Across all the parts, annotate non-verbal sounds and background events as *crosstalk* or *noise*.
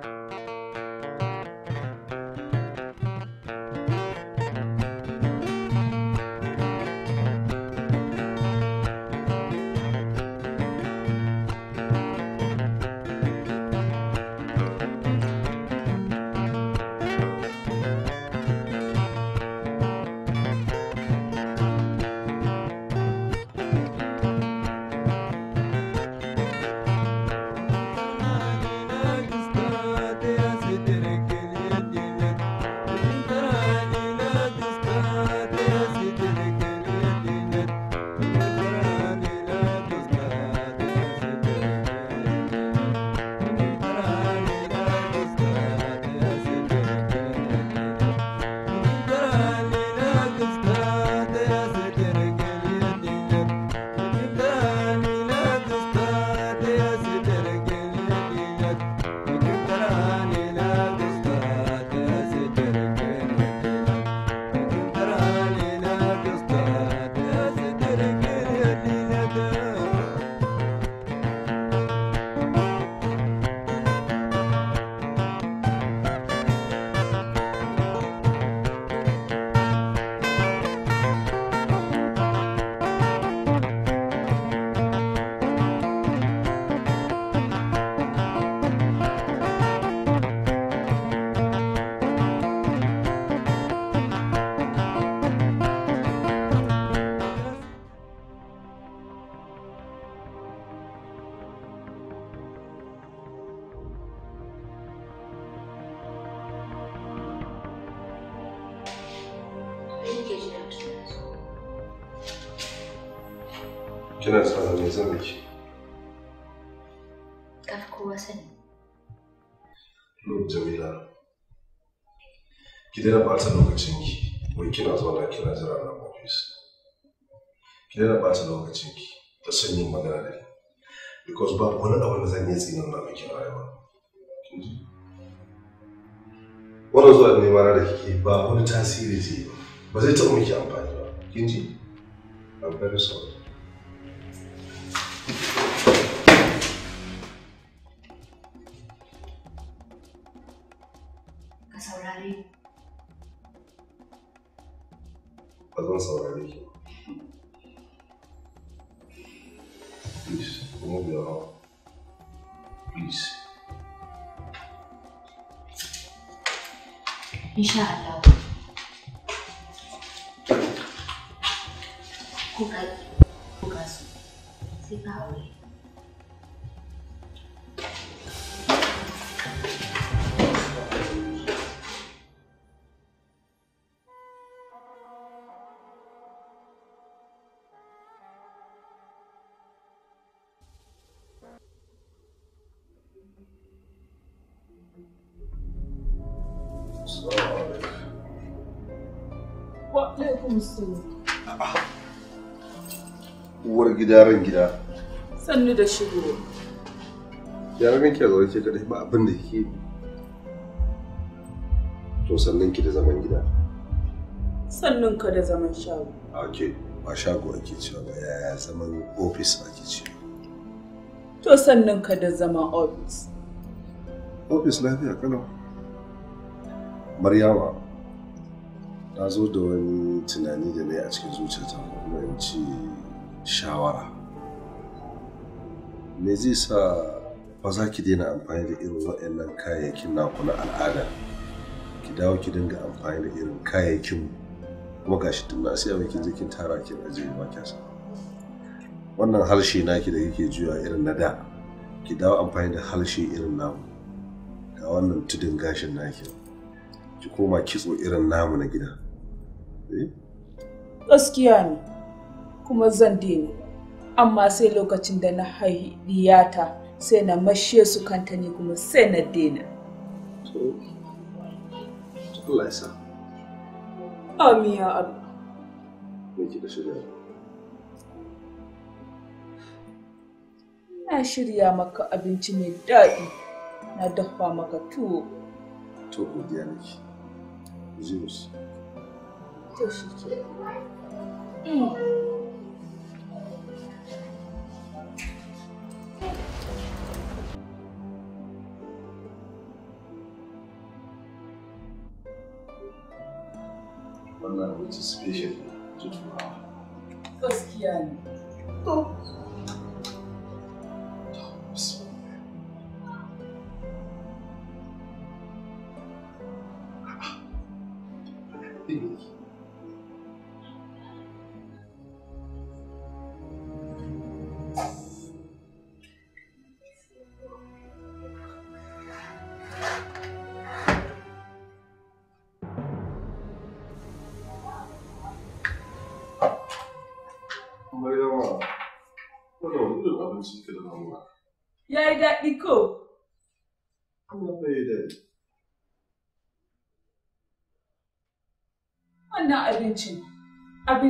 Thank you. zama miki ka fi kowa sani jamila ki daina ɓata lokacinki wai kina zauna kina jira na ofis ki daina ɓata lokacinki ta son yin magana da ni because babu wani abu da zan iya tsinan na miki rayuwa Wani zuwa nema da kike ba wani tasiri ce ba zai taɓa miki amfani ba kin ji I'm very sorry. Uwar gida ran gida. Sannu da shigo. min ke zaune ke kadai ba abin da kike To sannan ki da zaman gida. Sannun ka da zaman shago. Ake ba shago ake cewa ba yaya zaman ofis ake cewa. To sannan ka da zaman ofis. ofis lafiya kano. maryawa ta zo da wani tunani da na yi a cikin zuciyata kuma in ci shawara me zai sa ba za ki daina amfani da irin waɗannan kayayyakin naku na al'ada ki dawo ki dinga amfani da irin kayayyakin kuma gashi tun na siya kin je kin tara kin ajiye ba kya sa wannan harshe naki da kike juya irin na da ki dawo amfani da harshe irin namu ga wannan tudun gashin naki ki koma kitso irin namu na gida eh? gaskiya ne kuma zan daina amma sai lokacin da na haidiyata sai na mashe su kanta ne kuma sai na daina Amiya abu shirya? Na shirya maka abinci mai daɗi. na dafa maka tuwo to godiya nake zeus to shi ke wannan abinci special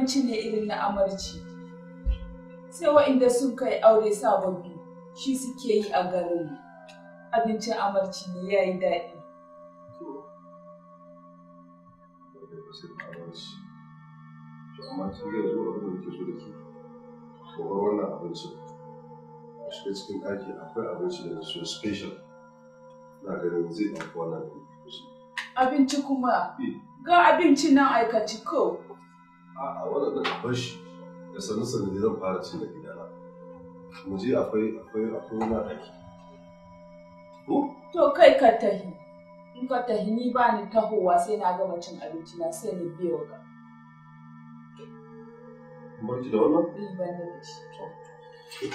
abinci ne irin na amarci sai wa'inda sun kai aure sababbi shi suke yi a garin abincin amarci ne ya yi daɗi amma kin ga zuwa abin da ke so da ke kamar wannan abincin a shiga cikin ɗaki akwai abinci da so special na ganin zai ɗauki wannan abinci kuma ga abinci nan aikaci ko a'a waɗannan a bar shi da sanu sanu zan fara cin da gidana mu je akwai akwai akwai wani ɗaki to kai ka tahi in ka tahi ni ba ni tahowa sai na gama cin abinci na sai ni biyo ka barki da wannan? Ni ba da shi.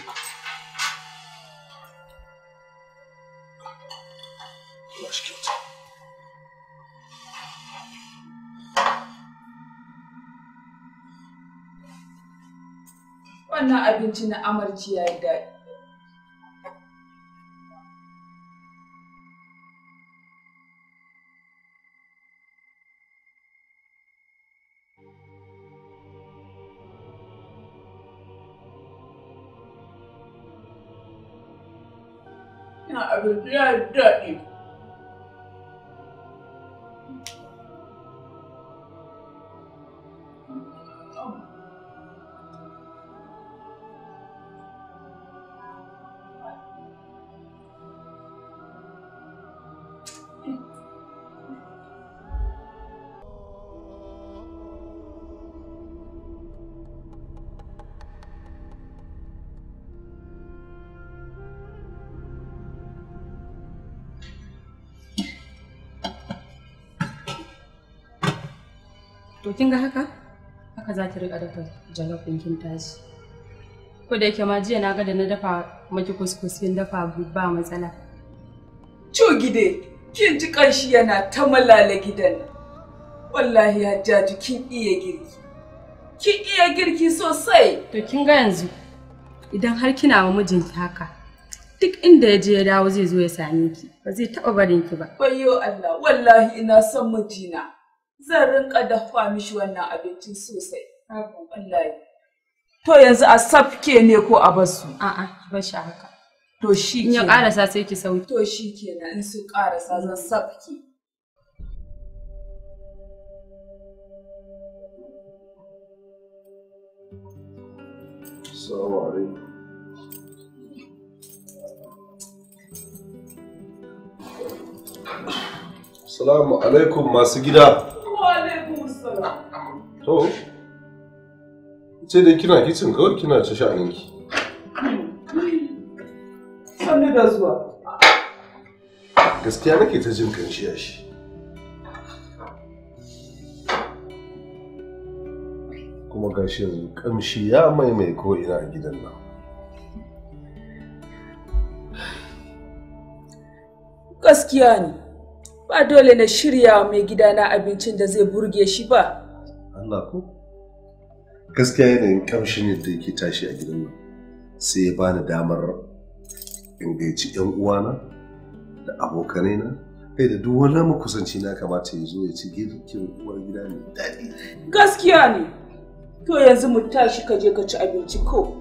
wannan abinci na amarci ya yi daɗi. Na abinci ya yi daɗi. to kin ga haka haka za ki riƙa dafa jalof ɗin kin tashi ko da yake ma jiya na ga da na dafa maki kuskus kin dafa ba matsala co gide kin ji ƙanshi yana ta malala gidan wallahi hajjaji kin iya girki kin iya girki sosai to kin ga yanzu idan har kina wa mijinki haka duk inda ya je ya dawo zai zo ya same ki ba zai taɓa barin ki ba. Bayyo Allah wallahi ina son mijina. zan rinka dafa mishi wannan abincin sosai. Wallahi. To yanzu a safke ne ko a basu? A'a, ba shi haka. To shi In ya karasa sai ki sauki. To shi kenan in sun karasa zan safke. Assalamu alaikum masu gida. sai dai kina kicin kawai kina ci sha'aninki. Sannu da zuwa. Gaskiya nake ta jin kanshi a shi. Kuma gashi yanzu kamshi ya maimai ko ina a gidan nan. Gaskiya ne. ba dole na shirya wa mai gidana abincin da zai burge shi ba. Allah ko? Gaskiya yanayin kamshin yadda yake tashi a gidan nan sai ya bani damar in gaici 'yan uwana da na kai da duk wani makusanci na kamata ya zo ya ci girkin uwar gida mai daɗi. Gaskiya ne. To yanzu mu tashi ka je ka ci abinci ko?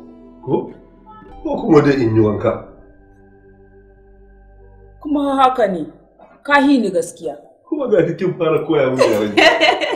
Ko? Ko kuma da in yi wanka. Kuma haka ne. ka ni gaskiya kuma ga kin fara koya mun yaren *laughs*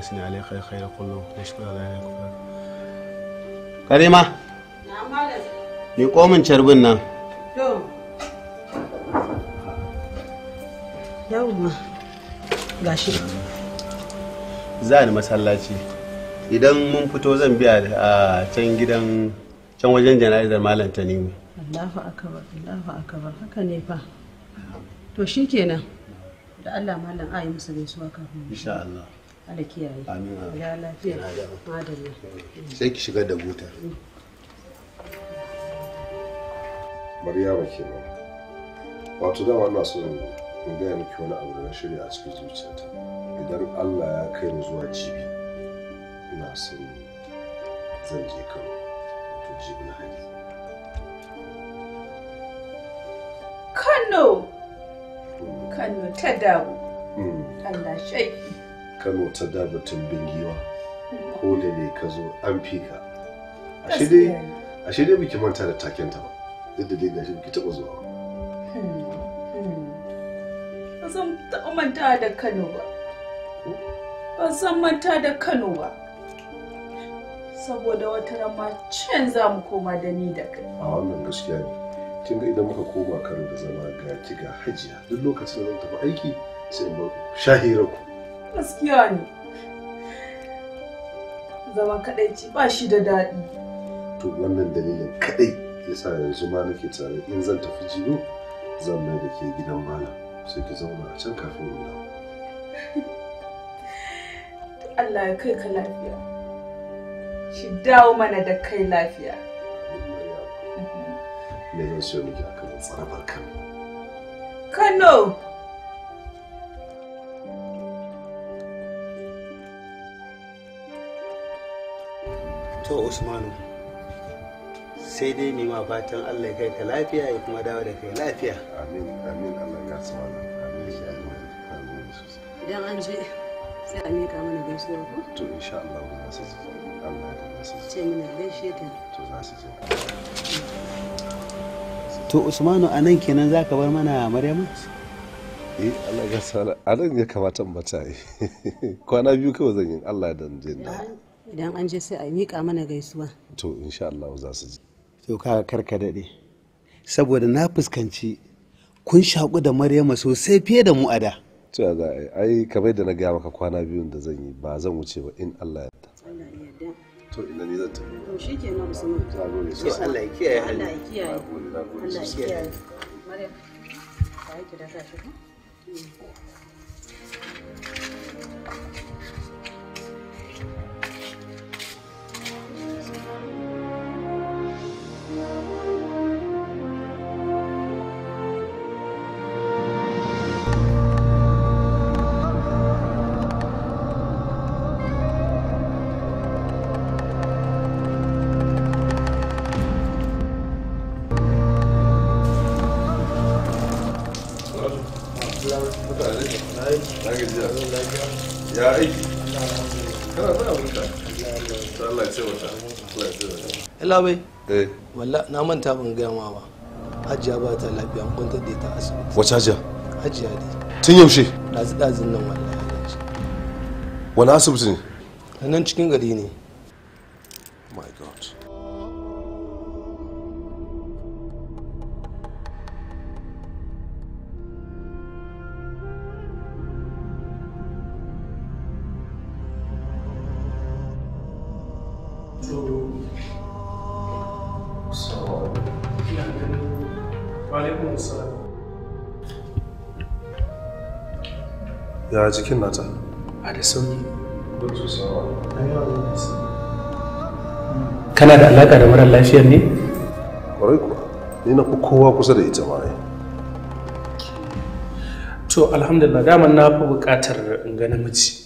وحدثني عليه خير komin nan idan mun fito zan biya a can gidan can wajen jana'izar malam ta nemi Allahu akbar Allahu akbar haka ne fa to shikenan da Allah malam ayi musu gaisuwa kafin insha Allah Allah kiyaye. Amina. Ya lafiya. Madalla. Sai ki shigar da buta. Mm. Maryama kenan. Wato dama ina so in gaya miki wani abu da na shirya a cikin zuciyata. Idan Allah ya kai mu zuwa jibi ina son zan je Kano. Wato jibi na hali. Kano! Mm. Kano ta dawo. Mm. Allah shaiki. kano ta da batun bingiwa hmm. ko da ne ka zo an fi ka ashe dai biki manta da taken ta ba duk da dai gashi biki taɓa zuwa ba san hmm. hmm. taɓa manta da kano ba ban san manta da kano ba saboda wata rama can za mu koma da ni da kai a wannan gaskiya ne kin ga idan muka koma kano da zama ga kiga hajiya duk lokacin da zan tafi aiki sai in bar ku shahira ku gaskiya ne zaman kadaici ba shi da daɗi to wannan dalilin kadai yasa yanzu ma nake tare in zan tafi jiyo zan mai da ke gidan malam sai ki zama a can kafin mu dawo Allah ya kai ka lafiya shi dawo mana da kai lafiya me zan so miki akan tsarabar Kano Kano to usmanu sai dai nema fatan allah kai ka lafiya ya kuma dawo da kai lafiya amin amin allah ya sa amin shi amin idan an je sai a miƙa mana gaisuwa ko to insha allah za su ji allah ya su ce mina gaishe ta to za su ji to usmanu a nan kenan za ka bar mana maryamu eh allah ya sa a nan ya kamata mata *laughs* kwana biyu kawai zan yi allah ya dan jin daɗi idan an je sai a miƙa mana gaisuwa to insha Allah za su ji to ka karka dade saboda na fuskanci kun shaku da Maryama sosai fiye da mu a da to za a ai kamar da na ga maka kwana biyun da zan yi ba zan wuce ba in Allah ya yarda to ina ne zan tafi to shikenan musulmi to Allah ya kiyaye Allah ya kiyaye Allah ya kiyaye Maryam ka yi da ta shi ko hmm. yalla bai eh. walla na manta ban gaya ma ba hajiya ba ta lafiya an kwantar da ta asibiti wace hajiya hajiya dai tun yaushe dazu dazun nan wallahi wani asibiti ne nan cikin gari ne ya jikin nata a da sauki kana da alaka da mara lafiyar ne kwarai kuwa ni na kowa kusa da ita ma to alhamdulillah daman na fi bukatar in ga namiji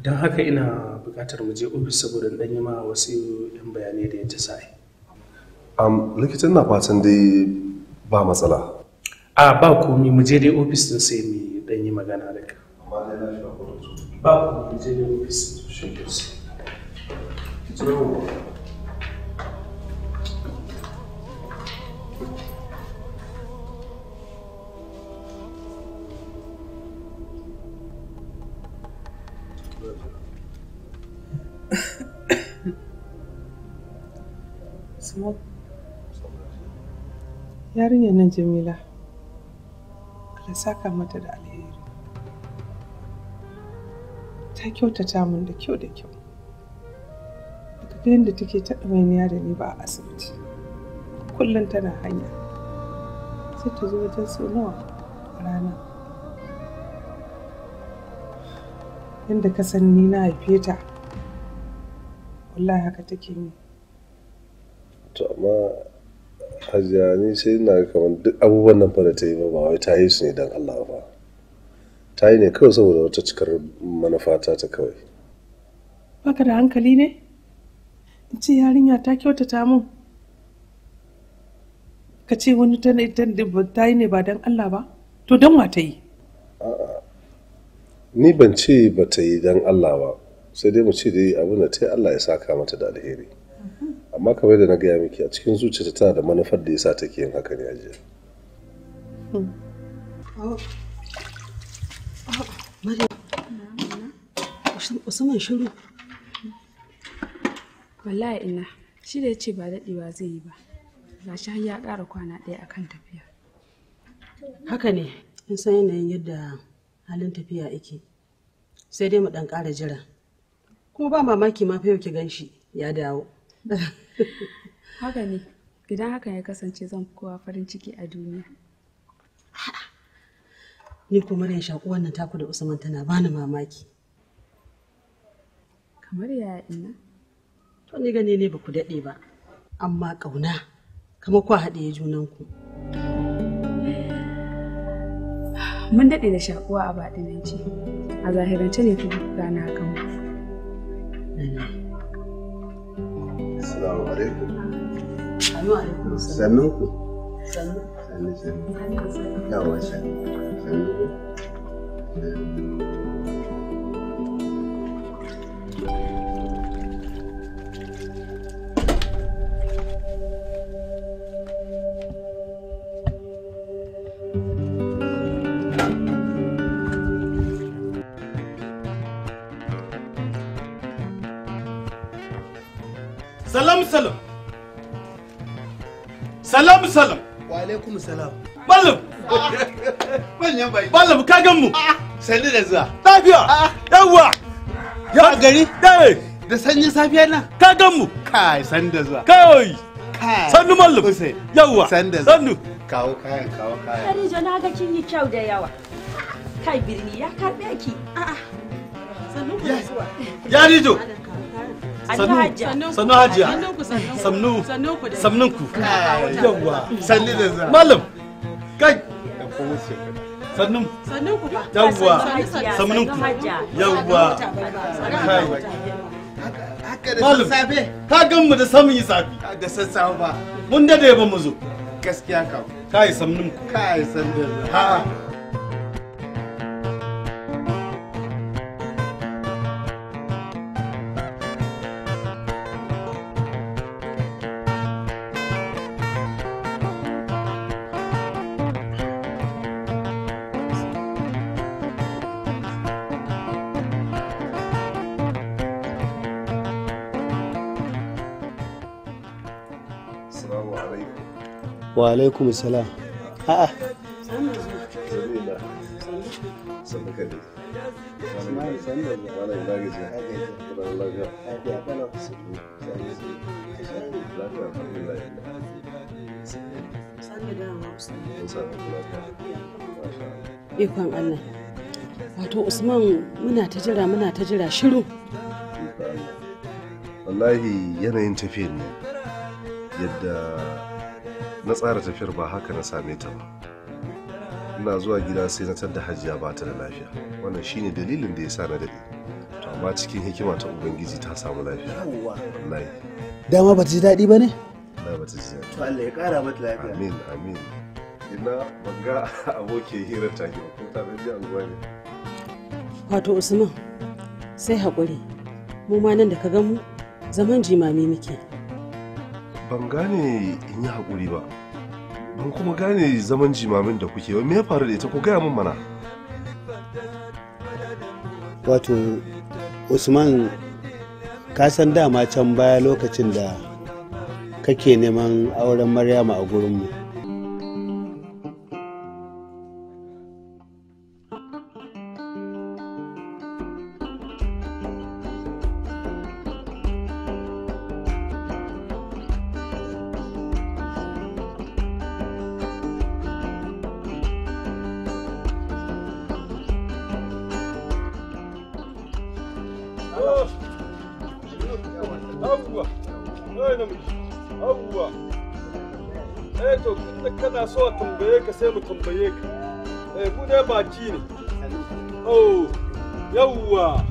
don haka ina bukatar mu je ofis saboda dan yi ma wasu yan bayanai da yadda sa'i um, likitan na fatan dai ba matsala a ba komi mu je dai ofis din sai mu dan yi magana da ka ba komi mu je dai ofis shi Yarinyar nan Jamila. Allah saka mata da alheri ta kyautata min da kyau da kyau daga ta yadda take ta ɗawainiya da ni ba a asibiti kullum tana hanya sai ta zo wajen sau nawa rana yadda ka san ni na haife ta wallahi haka take ni to amma hajjani ni sai ina kamar duk abubuwan nan fa da ta yi ba ba wai ta yi su ne don Allah ba ta yi ne kawai saboda wata cikar manufa ta kawai baka da hankali ne in ce yarinya ta kyautata mun ka ce wani ta yi ne ba don Allah ba to don wa ta yi ni ban ce ba ta yi don Allah ba sai dai mu ce dai abin da ta yi Allah ya saka mata da alheri amma kamar da na gaya miki a cikin zuciyarta tana da manufar da yasa take yin haka ne a jiya Usman shiru. Wallahi ina shi da ya ce ba daɗewa zai yi ba. Ga shi har ya ƙara kwana ɗaya akan tafiya. Haka ne, in san yanayin yadda halin tafiya yake. Sai dai mu ɗan ƙara jira. Kuma ba mamaki ma fa yau ki gan shi ya dawo. *laughs* haka ne idan haka ya kasance zan fi kowa farin ciki a duniya ni kuma ran shaƙu wannan taku da usman tana bani mamaki kamar ya ina to ni gani ne ba ku daɗe ba amma ƙauna kamar ku haɗe junanku mun daɗe da shakuwa a baɗinance a zahirance ne ku gana kan mu Assalamu alaikum. alaikum. Sannu ku. Sannu. Sannu sannu. Yawa sannu. Sannu ku. salam salam salam salam wa alaikum salam ballam manyan bai ballam ka gan mu ah, ah. sani da zuwa lafiya ah, yawa ya gari eh. da sanyi safiya na ka gan mu kai san da zuwa kai sannu mallam yawa sannu kawo kayan kawo kayan Khadija na ga kin yi kyau da yawa kai birni ya karbe ki a'a sanu ku zuwa ya rijo sannu sannu hajiya sannu sannu ku yawwa sannu da za malam kai sannu sannu ku yawwa sannu ku yawwa malam ka gan mu da samun yi safi da sassafe ba mun dade ba mu zo gaskiya ka kai sannu ku kai sannu ha wa alaikum salam a'a ikon Allah wato Usman muna ta jira muna ta jira shiru wallahi yanayin tafiyar ne yadda na tsara tafiyar ba haka na same ta ba ina zuwa gida sai na tar da hajiya ba ta da lafiya wannan shine dalilin da ya sa na dade to amma cikin hikima ta ubangiji ta samu lafiya wallahi dama ba ta ji daɗi ba ne na ba ta ji daɗi to Allah ya ƙara mata lafiya amin amin ina banga *laughs* aboke hirar ta ke ko ta ji anguwa ne wato Usman sai haƙuri mu ma nan da ka ga mu zaman jimami muke ban gane in yi haƙuri ba mun kuma gane zaman jimamin da kuke ba ya faru da ita ku gaya min mana wato usman ka san dama can baya lokacin da kake neman auren maryama a gurinmu kawai namiji abubuwa eh to kana so a tambaye ka sai mu tambaye ka eh ku dai baki ne oh yawwa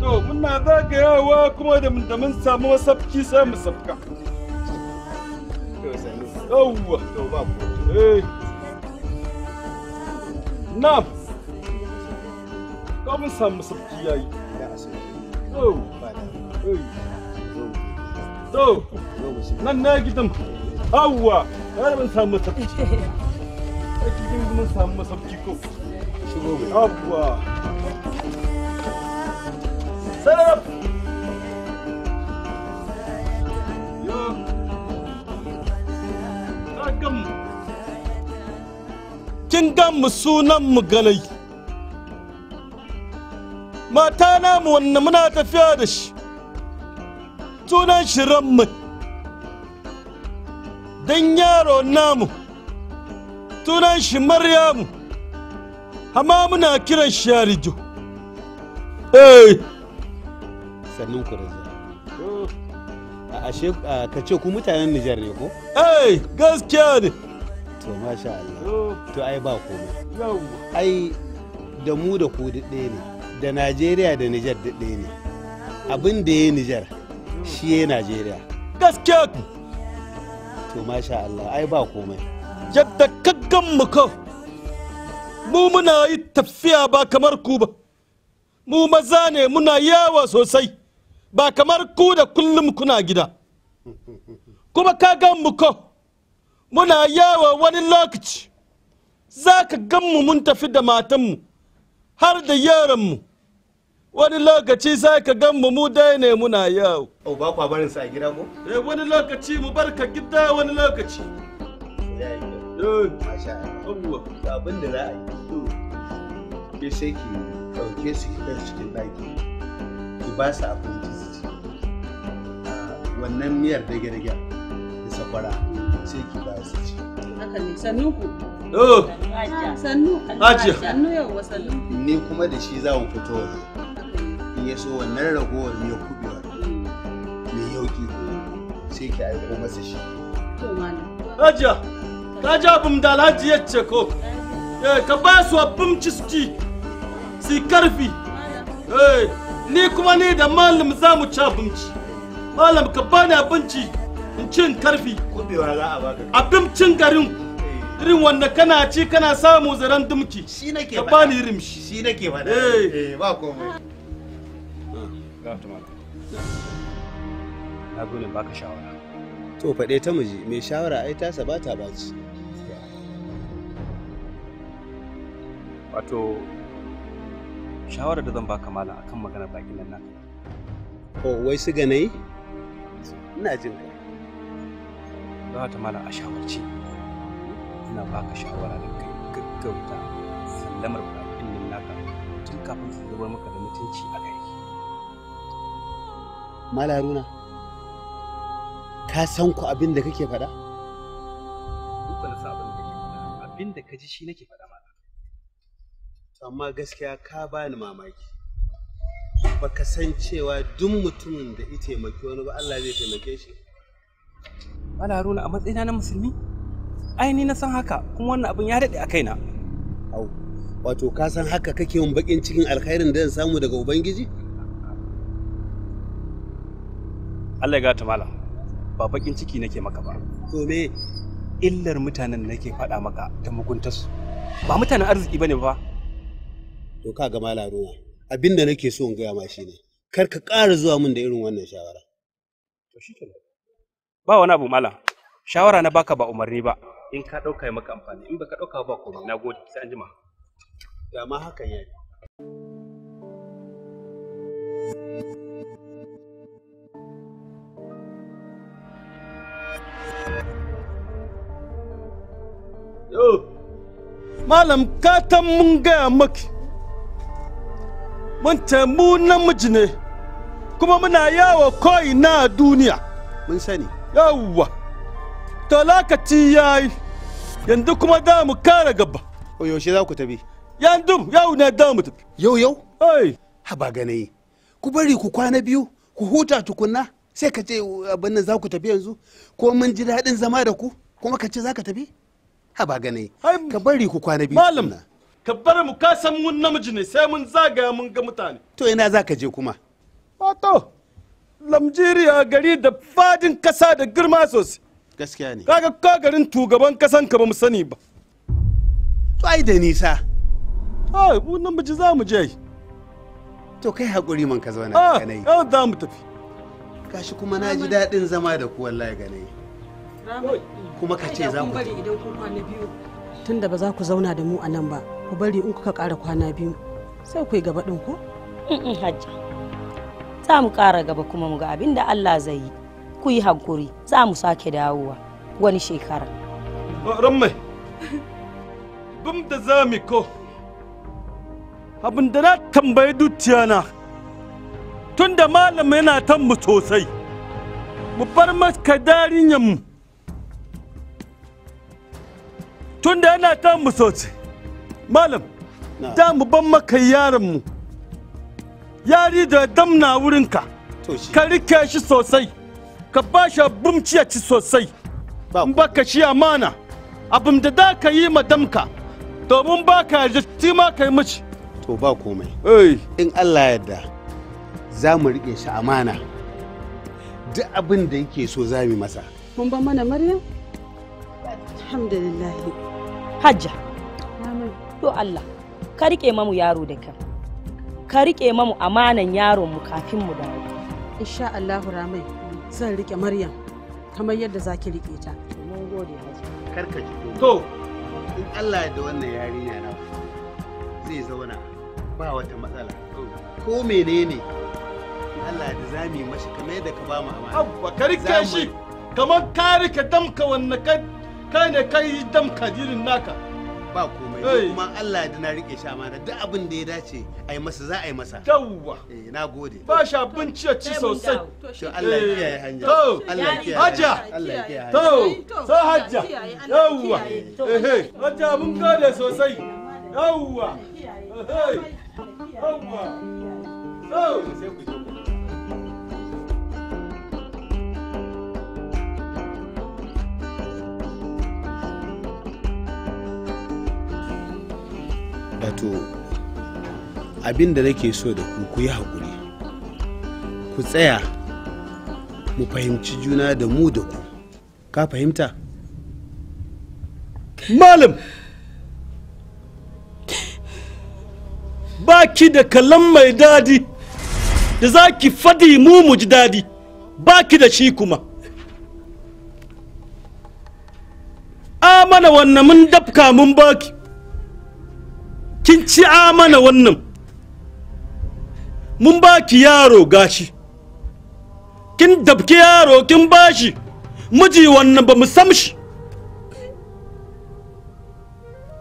to muna zagayawa kuma da mun samu masafki sai mu safka yawwa to ba ku eh na ka mun samu masafki yayi da asiri oh ba da eh To, nan na gidan. Awwa, har ban samu samu ko. Shigo Awwa. Sarap. Yo. Kin mu sunan mu galai. wannan muna tafiya da shi. sunan shirinmu don yaro namu sunan shi maryamu amma muna kiran shi yarijo eh sannan ku raza ashe ka ce ku mutanen Nijar ne ko? Eh gaskiya ne. To masha Allah. Oh. To ai ba komai. Ai da mu da ku duk ɗaya ne. Da Najeriya da Nijar duk ɗaya ne. Abin da ya Nijar shi ya najeriya gaskiya to masha allah ai ba komai yadda kaggan mu kau mu muna yi tafiya ba kamar ku ba mu maza ne muna yawa sosai ba kamar ku da kullum kuna gida kuma ka mu ko muna yawa wani lokaci za ka gan mu mun tafi da matanmu har da yaranmu wani lokaci sai ka gan mu mu dai ne muna yau. Au ba kwa barin sa gida ko? Eh wani lokaci mu bar ka gida wani lokaci. Ya eh, yi. Masha Allah. Abin da za a yi. Ke sai ki ɗauke su ki cikin ɗaki. Ki ba su abinci su ci. Ah, wannan miyar dage-dage da sakwara sai ki ba su ci. Haka ne sannu ku. Oh. Sannu. Sannu yau wa sannu. Ni kuma da shi za mu fito waje. in ya so wannan ragowar mai kubewa mai yauki sai ki aiko masa shi hajiya ta ji abin da alhaji ya ce ko eh, ka ba su abin ciski su karfi eh, ni kuma ni da malam za mu ci abinci malam ka ba ni abinci in cin karfi kubewa za a baka abincin garin eh. irin wanda kana ci kana samu zaren dumki shi nake ka bani irin shi shi nake ba eh ba komai ga ta mana na gode baka shawara to faɗe ta miji mai shawara ai tasa ba ta baci wato shawara da zan baka malam akan maganar bakin nan naka ko wai su ga ina jin ka don haka malam a shawarci ina baka shawara da kai gaggauta sallamar bakin nan naka tun kafin su zubar maka da mutunci a kai malaruna ka san ku abin da kake faɗa? Duk wani sabon da kake faɗa, abin da ka ji shi nake faɗa mata. Amma gaskiya ka bani mamaki. Ba ka san cewa duk mutumin da ya taimaki wani ba Allah zai taimake shi. Mala Haruna a matsayina na musulmi? Ai ni na san haka kuma wannan abin ya daɗe a kaina. Au, wato ka san haka kake yin baƙin cikin alkhairin da zan samu daga Ubangiji? Allah ya gata malam ba bakin ciki nake maka ba to me illar mutanen nake faɗa maka ta su ba mutanen arziki bane ba to ka ga malam ruwa abinda nake so in gaya ma shine kar ka ƙara zuwa min da irin wannan shawara to shikenan ba wani abu malam shawara na baka ba umarni ba in ka ɗauka maka amfani in baka ɗauka ba komai nagode sai an jima da ma hakan yayi malam katan mun gaya maki mun mu namiji ne kuma muna yawo koyi na duniya mun sani yawwa to lokaci ya yi yanzu kuma da mu kara gaba o yaushe za ku tabi yanzu yau ne da mu tabi yau yau ai haba ganayi ku bari ku kwana biyu ku huta tukunna sai ka ce abin nan za ku tabi yanzu ko mun ji daɗin zama da ku kuma ka ce za ka tabi haba ganai ka bari ku kwana biyu malam ka bar mu ka san mun namiji ne sai mun zagaya mun ga mutane to ina za ka je kuma wato lamjiriya gari da fadin kasa da girma sosai gaskiya ne kaga ka garin tugaban kasan ka ba mu sani ba to ai da nisa ai mu namiji za mu je to kai hakuri man ka zauna ganai ah za mu tafi kashi kuma na ji daɗin zama da ku wallahi ganai kuma ka ce za ku bari idan kun kwana biyu tunda ba za ku zauna da mu a nan ba ku bari in kuka ƙara kwana biyu sai ku yi gaba ɗin ko hajja za mu ƙara gaba kuma mu ga abin da Allah zai yi ku yi hankuri za mu sake dawowa wani shekara mai bam da za mu ko abin da na tambayi dukiyana tun da malam yana tan mu sosai mu bar masa mu tunda yana ta mu soce malam da mu ban maka yaron mu yari da damna wurinka ka rike shi sosai ka ba shi abin ci sosai in ba ka shi amana abin da da ka yi madamka domin ba ka yarda ti ma ka yi to ba komai in Allah yarda za mu rike shi amana duk abin da yake so za mu masa kun ban mana maryam alhamdulillah hajja to Allah ka rike mamu yaro da kyau ka rike mamu amanan yaron mu kafin mu dawo insha Allah ramai zan rike maryam kamar yadda zaki rike ta mun gode hajji karka ji to in Allah da wannan yarinya na zai zauna ba wata matsala ko menene Allah da zami mashi kamar yadda ka ba mu amana ka rike shi kamar ka rike damka wannan kai ne kai dam kadirin naka ba komai ne kuma Allah da na rike sha mana duk abin da ya dace a yi masa za a yi masa yawwa eh na gode ba sha abinci ya ci sosai to Allah ya eh. kiyaye hanya to Allah ya kiyaye hajja Allah ya kiyaye to so hajja yawwa eh hajja mun gode sosai yawwa eh yawwa to sai ku wato abin da nake so da ku ku yi haƙuri ku tsaya mu fahimci juna da mu da ku ka fahimta malam baki da kalan mai dadi da za ki fadi mu mu ji dadi baki da shi kuma amana wannan mun dafka mun baki kin ci amana wannan mun ba ki yaro gashi kin dabke yaro kin bashi miji wannan ba mu samshi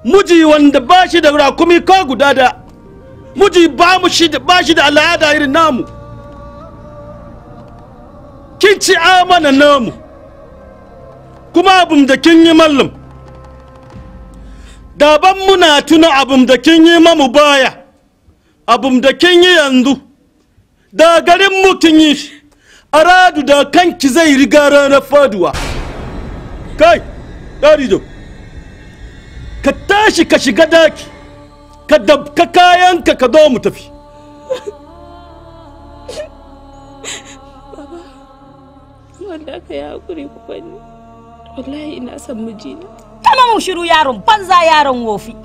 muji miji wanda ba shi da rakumi ko guda da miji ba mu shi da ba shi da al'ada irin namu kin ci amana namu kuma abin da kin yi mallam daban muna tuna abin da kin yi mamu baya abin da kin yi yanzu da garin mu yi aradu da kanki zai riga ranar faduwa kai ɗarido ka tashi ka shiga daki ka dabka kayanka ka zo mu tafi baba wanda ka yi haƙuri ku wallahi ina son mijina tama mun shiru yaron banza yaron wofi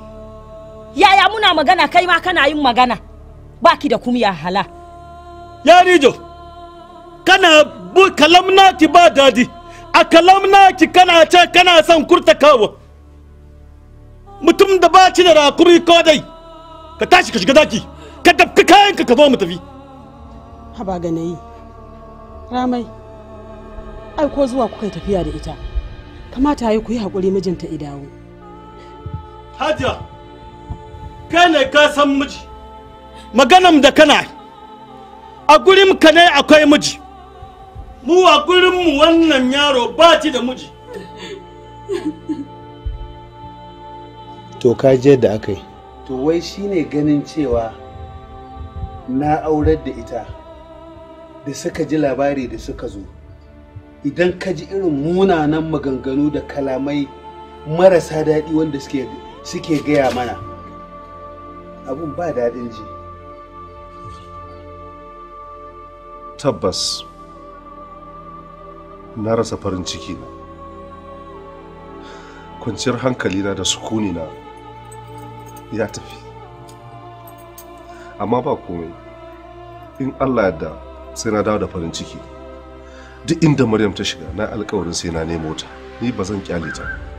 yaya muna magana kai ma kana yin magana baki da kumya hala yarijo kana bu kalamnati ba dadi a kalamnati kana ce kana son kurta kawo mutum da ba ci da rakuri dai, ka tashi ka shiga daki ka tafi kayanka ka zo mu tafi haba ganayi ramai ai ko zuwa kuka tafiya da ita kamata yi ku yi haƙuri mijinta idawo hajiya kai ne ka san miji maganam da kana a gurin ka ne akwai miji mu a gurin mu wannan yaro ba ci da miji to ka je da aka yi to wai shine ganin cewa na aurar da ita da suka ji labari da suka zo idan ka ji irin munanan maganganu da kalamai marasa daɗi wanda suke gaya mana abun ba daɗin ji tabbas na rasa farin ciki na kwanciyar hankalina da sukunina ya tafi amma ba komai in allah yadda sai na dawo da farin ciki duk inda Maryam ta shiga na alƙawarin sai na nemo ta ni ba zan kyale ta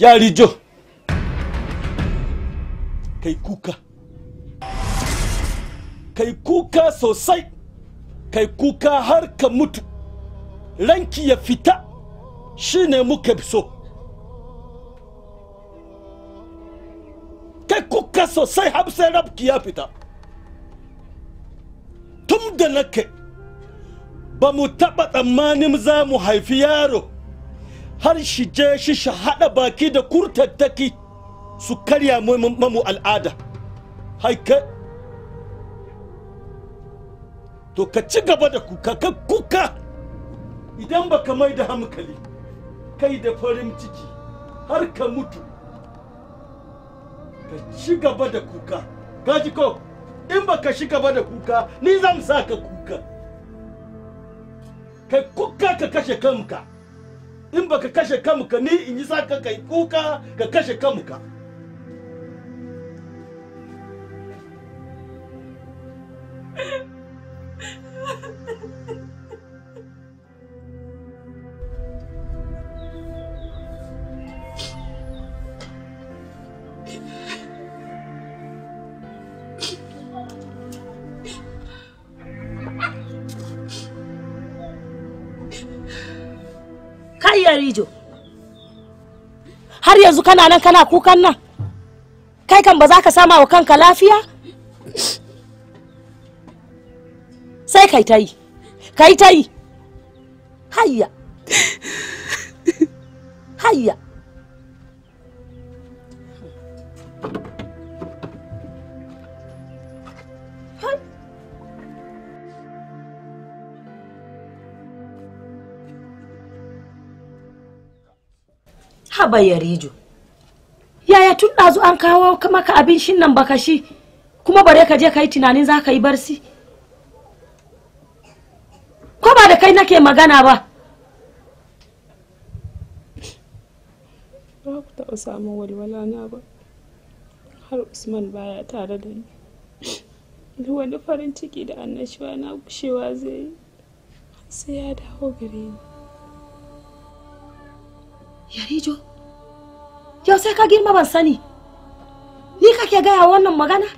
yari jo kai kuka kai kuka sosai kai kuka har ka mutu ranki ya fita shine muka so kai kuka sosai har sai rabki ya fita tun da nake ba mu taɓa tsammanin za mu haifi yaro har shi je shi shi haɗa baki da kurtattaki su karya mamu al'ada haika to ka ci gaba da kuka ka kuka idan ba ka mai da hankali kai da farin ciki har ka mutu ka ci gaba da kuka gaji ko in ba ka ci gaba da kuka ni zan sa ka kuka ka kuka ka kashe kanka in baka kashe kanka ni in yi saka kai kuka ka kashe kanka yanzu kana nan kana kukan nan kai kan ba za ka sama wa kanka lafiya sai kai ta yi kai ta yi hayya hayya haba yarijo yaya tun ɗazu an kawo maka abin shin nan baka shi kuma bare ka je ka yi tunanin za ka yi barsi ko ba da kai nake magana ba ba ku taɓa samun walwala na ba har usman baya tare da ni duk wani farin ciki da annashuwa na gushewa zai yi sai ya dawo gare ni yarijo yau sai ka girma ban sani ni kake gaya wannan magana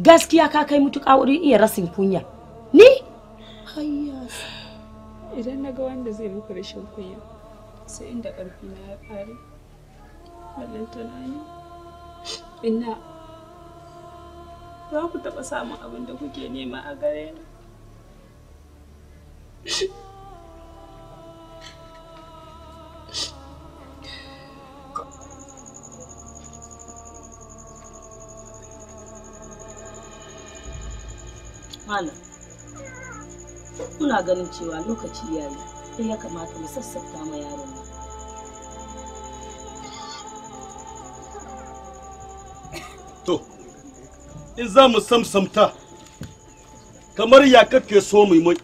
gaskiya ka kai mutuƙa wurin iya rasin kunya ni idan na ga wanda zai muku rashin kunya sai inda ƙarfi na ya ƙare wannan tunani ina za ku taɓa samun abin da kuke nema a gare ni malam muna ganin cewa lokaci ya yi sai ya kamata mu sassafta ma yaron nan to in za mu samsamta kamar ya kake so mu mai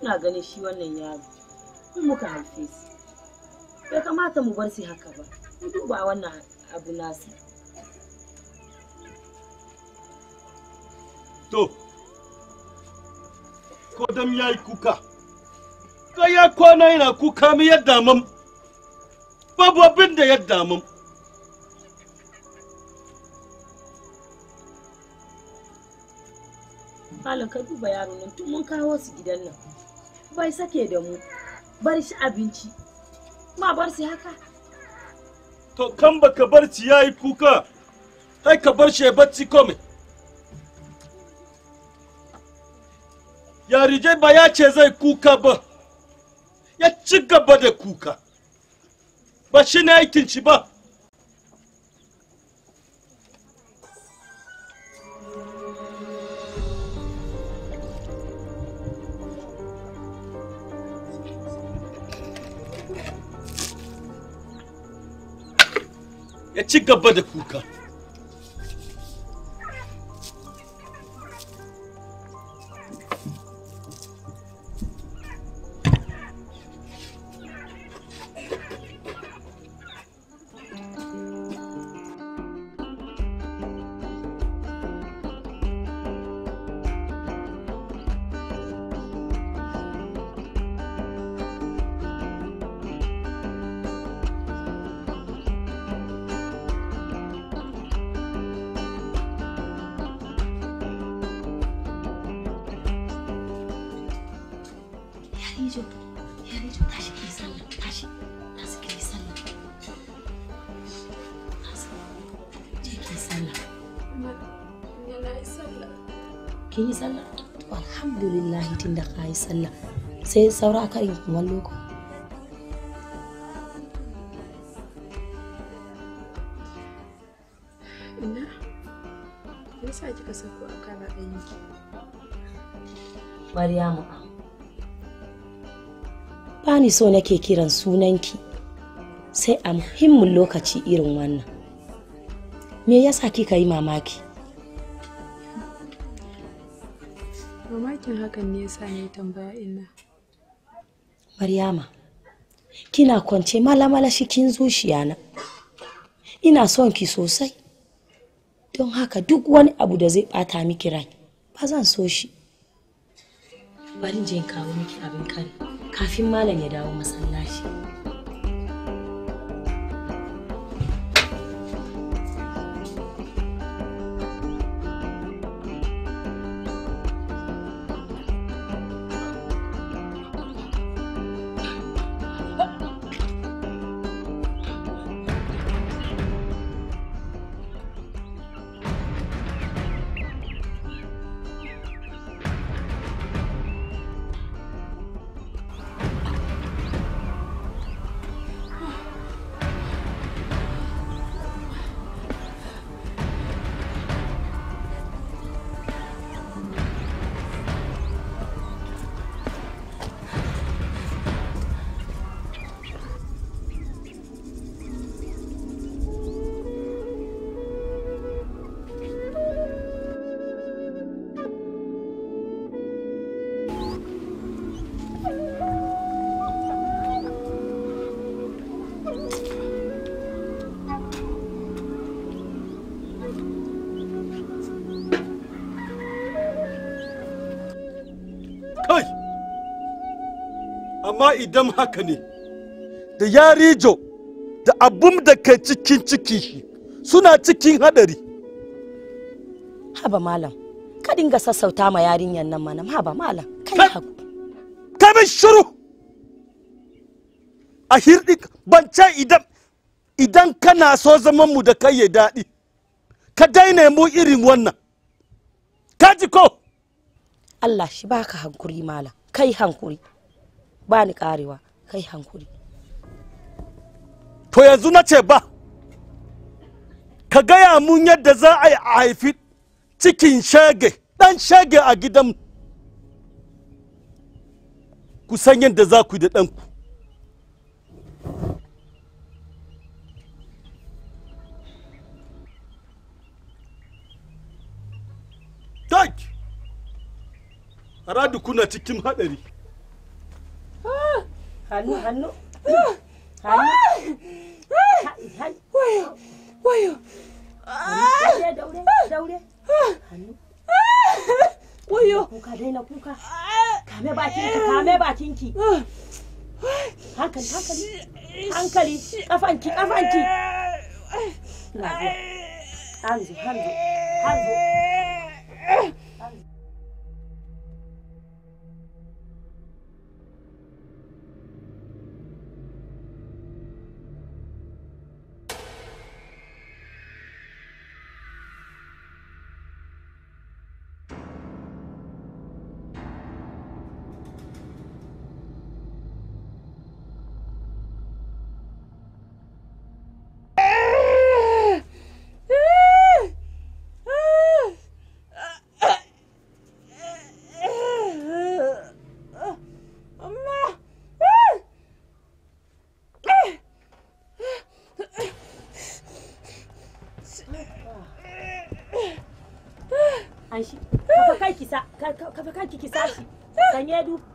Muna ganin shi wannan yaro in muka haife su bai kamata mu bar su haka ba mu duba wannan abu nasu ko dam ya yi kuka ga ya kwana yana kuka mu yadda mam babu abin da yadda mam Malam ka duba yaron nan tun mun kawo su gidan nan bai sake da mu bar shi abinci ma bar shi haka to kan baka bar ci yayi kuka kai ka bar shi ya bacci komai yarijai ba ya ce zai kuka ba ya ci gaba da kuka ba shi ne aikinci ba ya ci gaba da kuka kin yi sallah to alhamdulillah tunda ka yi sallah sai saura karin kumallo ko ina me yasa kika sako a kana ɗanki Maryamu ba ni so nake kiran sunanki sai a muhimmin lokaci irin wannan me yasa kika yi mamaki yin hakan ne yasa ne tambaya ina maryama kina kwance malamala shi cikin zuciya na ina son ki sosai don haka duk wani abu da zai bata miki rai ba zan so shi bari je kawo miki abin kare kafin malam ya dawo masallaci amma idan haka ne da yarijo da abun da ke cikin ciki suna cikin hadari haba malam ka dinga sassauta ma yarinyar nan mana haba malam kai haku ka shiru a hirɗi ban ce idan idan kana so zaman mu da kai ya daɗi ka daina mu irin wannan ka ji ko Allah shi baka hankuri malam kai hankuri ba ni karewa kai hankuri to yanzu na ce ba ka gaya mun yadda za a yi haifi cikin shage dan shage a gidan ku san yadda za ku yi da ɗanku Radu kuna cikin haɗari. Hanzo, hanzo, hanzo. ka fi kanki ki sashi *laughs* sanye duk